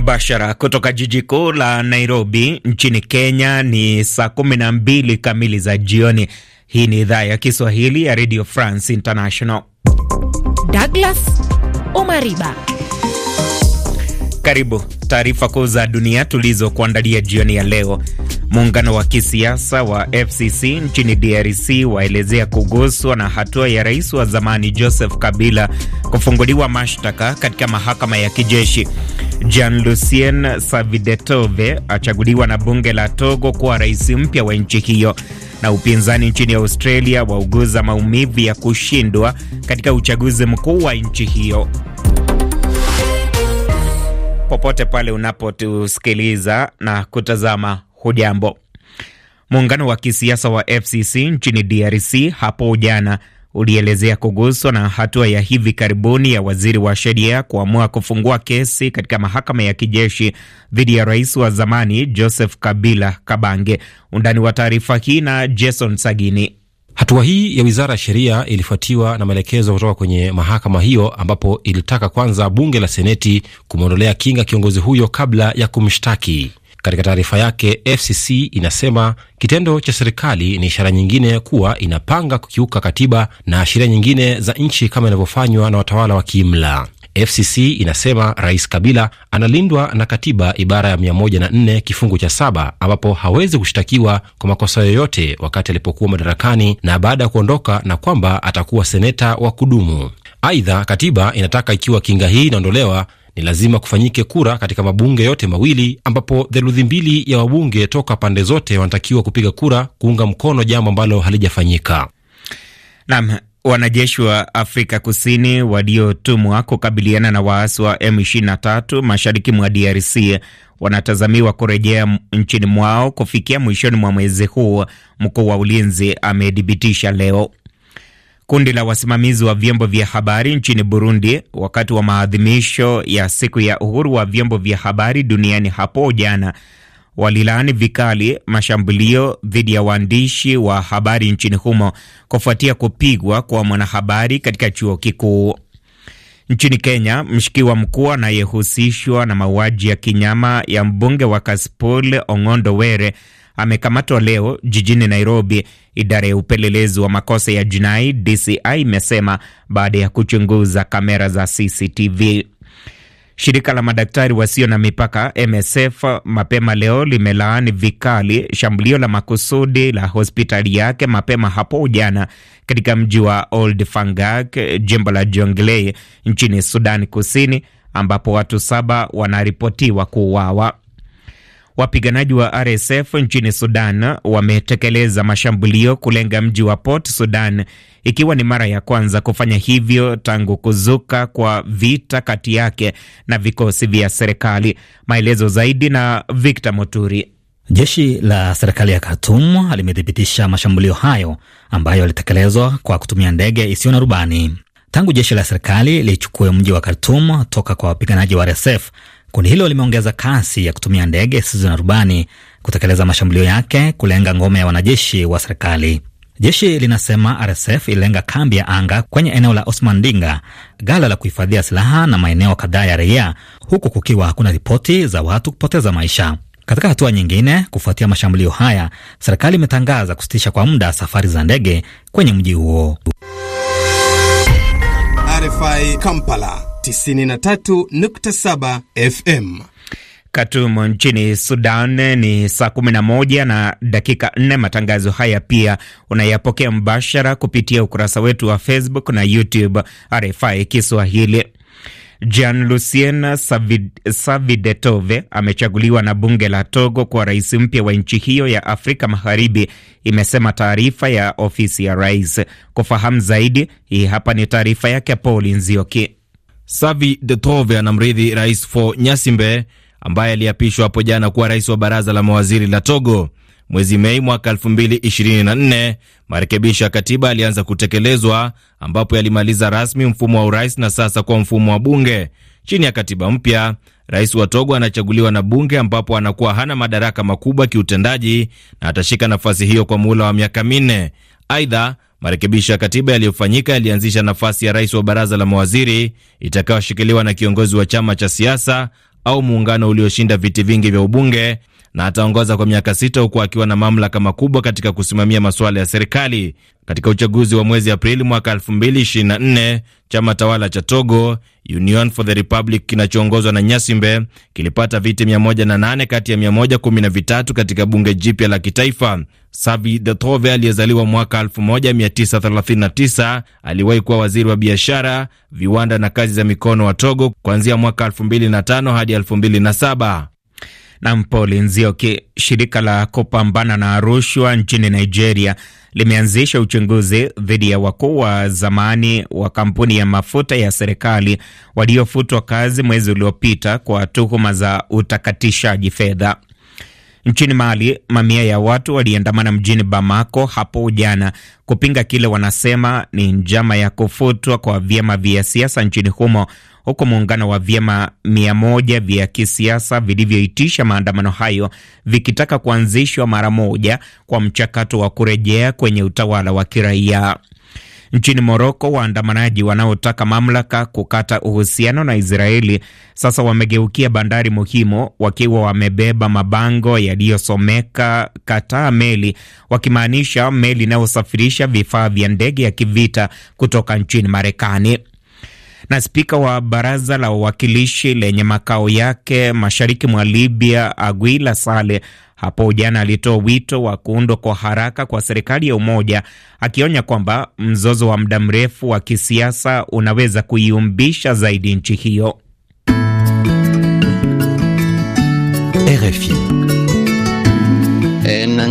mbashara kutoka jiji kuu la Nairobi nchini Kenya. Ni saa kumi na mbili kamili za jioni. Hii ni idhaa ya Kiswahili ya Radio France International. Douglas Omariba, karibu taarifa kuu za dunia tulizokuandalia jioni ya leo. Muungano wa kisiasa wa FCC nchini DRC waelezea kuguswa na hatua ya rais wa zamani Joseph Kabila kufunguliwa mashtaka katika mahakama ya kijeshi. Jean Lucien Savidetove achaguliwa na bunge la Togo kuwa rais mpya wa nchi hiyo. Na upinzani nchini Australia wauguza maumivu ya kushindwa katika uchaguzi mkuu wa nchi hiyo. Popote pale unapotusikiliza na kutazama, hujambo. Muungano wa kisiasa wa FCC nchini DRC hapo jana ulielezea kuguswa na hatua ya hivi karibuni ya waziri wa sheria kuamua kufungua kesi katika mahakama ya kijeshi dhidi ya rais wa zamani Joseph Kabila Kabange. Undani wa taarifa hii na Jason Sagini. Hatua hii ya wizara ya sheria ilifuatiwa na maelekezo kutoka kwenye mahakama hiyo, ambapo ilitaka kwanza bunge la seneti kumwondolea kinga kiongozi huyo kabla ya kumshtaki. Katika taarifa yake, FCC inasema kitendo cha serikali ni ishara nyingine kuwa inapanga kukiuka katiba na sheria nyingine za nchi kama inavyofanywa na watawala wa kiimla. FCC inasema Rais Kabila analindwa na katiba ibara ya 104 kifungu cha saba ambapo hawezi kushtakiwa kwa makosa yoyote wakati alipokuwa madarakani na baada ya kuondoka, na kwamba atakuwa seneta wa kudumu. Aidha, katiba inataka ikiwa kinga hii inaondolewa, ni lazima kufanyike kura katika mabunge yote mawili ambapo theluthi mbili ya wabunge toka pande zote wanatakiwa kupiga kura kuunga mkono, jambo ambalo halijafanyika. Naam. Wanajeshi wa Afrika Kusini waliotumwa kukabiliana na waasi wa M23 mashariki mwa DRC wanatazamiwa kurejea nchini mwao kufikia mwishoni mwa mwezi huu, mkuu wa ulinzi amedhibitisha leo. Kundi la wasimamizi wa vyombo vya habari nchini Burundi wakati wa maadhimisho ya siku ya uhuru wa vyombo vya habari duniani hapo jana walilaani vikali mashambulio dhidi ya waandishi wa habari nchini humo kufuatia kupigwa kwa mwanahabari katika chuo kikuu. Nchini Kenya, mshukiwa mkuu anayehusishwa na mauaji ya kinyama ya mbunge wa Kasipul Ong'ondo Were amekamatwa leo jijini Nairobi. Idara ya upelelezi wa makosa ya jinai DCI imesema baada ya kuchunguza kamera za CCTV. Shirika la madaktari wasio na mipaka MSF mapema leo limelaani vikali shambulio la makusudi la hospitali yake mapema hapo jana katika mji wa Old Fangak, jimbo la Jonglei nchini Sudan Kusini, ambapo watu saba wanaripotiwa kuuawa. Wapiganaji wa RSF nchini Sudan wametekeleza mashambulio kulenga mji wa Port Sudan, ikiwa ni mara ya kwanza kufanya hivyo tangu kuzuka kwa vita kati yake na vikosi vya serikali. Maelezo zaidi na Victor Moturi. Jeshi la serikali ya Khartoum limethibitisha mashambulio hayo ambayo yalitekelezwa kwa kutumia ndege isiyo na rubani tangu jeshi la serikali lichukue mji wa Khartoum toka kwa wapiganaji wa RSF. Kundi hilo limeongeza kasi ya kutumia ndege zisizo na rubani kutekeleza mashambulio yake kulenga ngome ya wanajeshi wa serikali. Jeshi linasema RSF ililenga kambi ya anga kwenye eneo la Osman Dinga, gala la kuhifadhia silaha na maeneo kadhaa ya raia, huku kukiwa hakuna ripoti za watu kupoteza maisha. Katika hatua nyingine, kufuatia mashambulio haya, serikali imetangaza kusitisha kwa muda safari za ndege kwenye mji huo. RFI Kampala 93.7 FM. Khartoum nchini Sudan ni saa 11 na dakika 4. Matangazo haya pia unayapokea mbashara kupitia ukurasa wetu wa Facebook na YouTube RFI Kiswahili. Jean Lucien Savidetove amechaguliwa na bunge la Togo kwa rais mpya wa nchi hiyo ya Afrika Magharibi, imesema taarifa ya ofisi ya rais. Kufahamu zaidi, hii hapa ni taarifa yake Paul Nzioki. Savi de Trove anamrithi Rais Fo Nyasimbe ambaye aliapishwa hapo jana kuwa rais wa baraza la mawaziri la Togo. Mwezi Mei mwaka 2024 marekebisho ya katiba yalianza kutekelezwa ambapo yalimaliza rasmi mfumo wa urais na sasa kuwa mfumo wa bunge. Chini ya katiba mpya, rais wa Togo anachaguliwa na bunge, ambapo anakuwa hana madaraka makubwa kiutendaji na atashika nafasi hiyo kwa muhula wa miaka minne. Aidha, Marekebisho ya katiba yaliyofanyika yalianzisha nafasi ya rais wa baraza la mawaziri itakayoshikiliwa na kiongozi wa chama cha siasa au muungano ulioshinda viti vingi vya ubunge na ataongoza kwa miaka sita huku akiwa na mamlaka makubwa katika kusimamia masuala ya serikali. Katika uchaguzi wa mwezi Aprili mwaka 2024 chama tawala cha Togo Union for the Republic kinachoongozwa na Nyasimbe kilipata viti 108 kati ya 113 katika bunge jipya la kitaifa. Savi de Tove aliyezaliwa mwaka 1939 aliwahi kuwa waziri wa biashara, viwanda na kazi za mikono wa Togo kuanzia mwaka 2005 hadi 2007. nam Mpoli Nzioki, shirika la kupambana na rushwa nchini Nigeria limeanzisha uchunguzi dhidi ya wakuu wa zamani wa kampuni ya mafuta ya serikali waliofutwa kazi mwezi uliopita kwa tuhuma za utakatishaji fedha. Nchini Mali, mamia ya watu waliandamana mjini Bamako hapo jana kupinga kile wanasema ni njama ya kufutwa kwa vyama vya siasa nchini humo huku muungano wa vyama mia moja vya kisiasa vilivyoitisha maandamano hayo vikitaka kuanzishwa mara moja kwa mchakato wa kurejea kwenye utawala wa kiraia. Nchini Moroko, waandamanaji wanaotaka mamlaka kukata uhusiano na Israeli sasa wamegeukia bandari muhimu wakiwa wamebeba mabango yaliyosomeka kataa meli, wakimaanisha meli inayosafirisha vifaa vya ndege ya kivita kutoka nchini Marekani na spika wa baraza la wawakilishi lenye makao yake mashariki mwa Libya, Aguila sale hapo jana alitoa wito wa kuundwa kwa haraka kwa serikali ya umoja, akionya kwamba mzozo wa muda mrefu wa kisiasa unaweza kuiumbisha zaidi nchi hiyo. RFI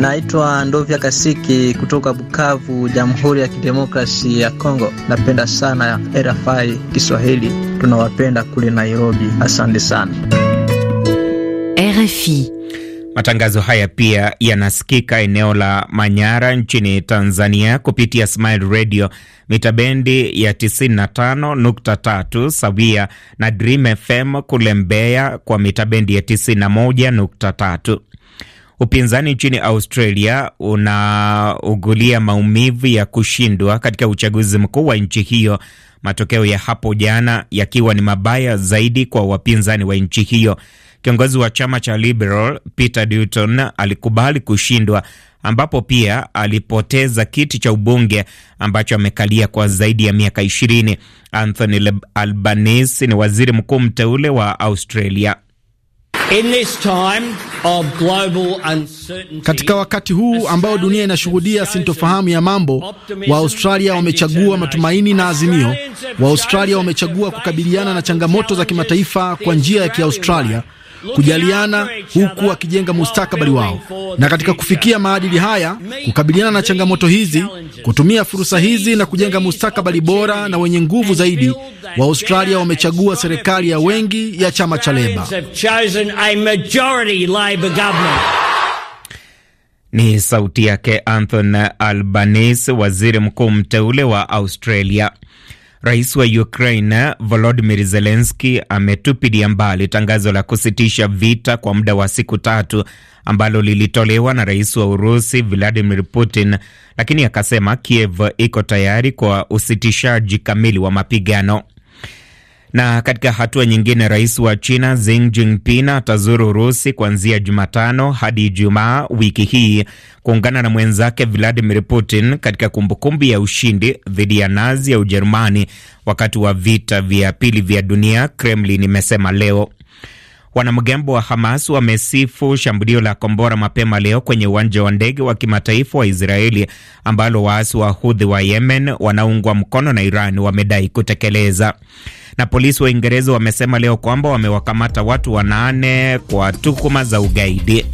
Naitwa Ndovya Kasiki kutoka Bukavu, Jamhuri ya Kidemokrasi ya Kongo. Napenda sana RFI Kiswahili, tunawapenda kule Nairobi. Asante sana RFI. Matangazo haya pia yanasikika eneo la Manyara nchini Tanzania kupitia Smile Radio mita bendi ya 95.3 sawia na Dream FM kule Mbeya kwa mita bendi ya 91.3. Upinzani nchini Australia unaugulia maumivu ya kushindwa katika uchaguzi mkuu wa nchi hiyo, matokeo ya hapo jana yakiwa ni mabaya zaidi kwa wapinzani wa nchi hiyo. Kiongozi wa chama cha Liberal Peter Dutton alikubali kushindwa, ambapo pia alipoteza kiti cha ubunge ambacho amekalia kwa zaidi ya miaka ishirini. Anthony Albanese ni waziri mkuu mteule wa Australia. In this time of global uncertainty, katika wakati huu ambao dunia inashuhudia sintofahamu ya mambo, Waaustralia wamechagua matumaini na azimio. Waaustralia wamechagua kukabiliana na changamoto za kimataifa kwa njia ya Kiaustralia kujaliana, huku wakijenga mustakabali wao. Na katika kufikia maadili haya, kukabiliana na changamoto hizi, kutumia fursa hizi na kujenga mustakabali bora na wenye nguvu zaidi, Waaustralia wamechagua serikali ya wengi ya chama cha Leba. Ni sauti yake Anthony Albanese, waziri mkuu mteule wa Australia. Rais wa Ukraine volodimir zelenski ametupidia mbali tangazo la kusitisha vita kwa muda wa siku tatu ambalo lilitolewa na rais wa Urusi Vladimir Putin, lakini akasema Kiev iko tayari kwa usitishaji kamili wa mapigano. Na katika hatua nyingine, rais wa China Xi Jinping atazuru Urusi kuanzia Jumatano hadi Ijumaa wiki hii kuungana na mwenzake Vladimir Putin katika kumbukumbu ya ushindi dhidi ya Nazi ya Ujerumani wakati wa vita vya pili vya dunia, Kremlin imesema leo. Wanamgambo wa Hamas wamesifu shambulio la kombora mapema leo kwenye uwanja wa ndege wa kimataifa wa Israeli ambalo waasi wa Hudhi wa Yemen wanaungwa mkono na Iran wamedai kutekeleza. Na polisi wa Uingereza wamesema leo kwamba wamewakamata watu wanane kwa tuhuma za ugaidi.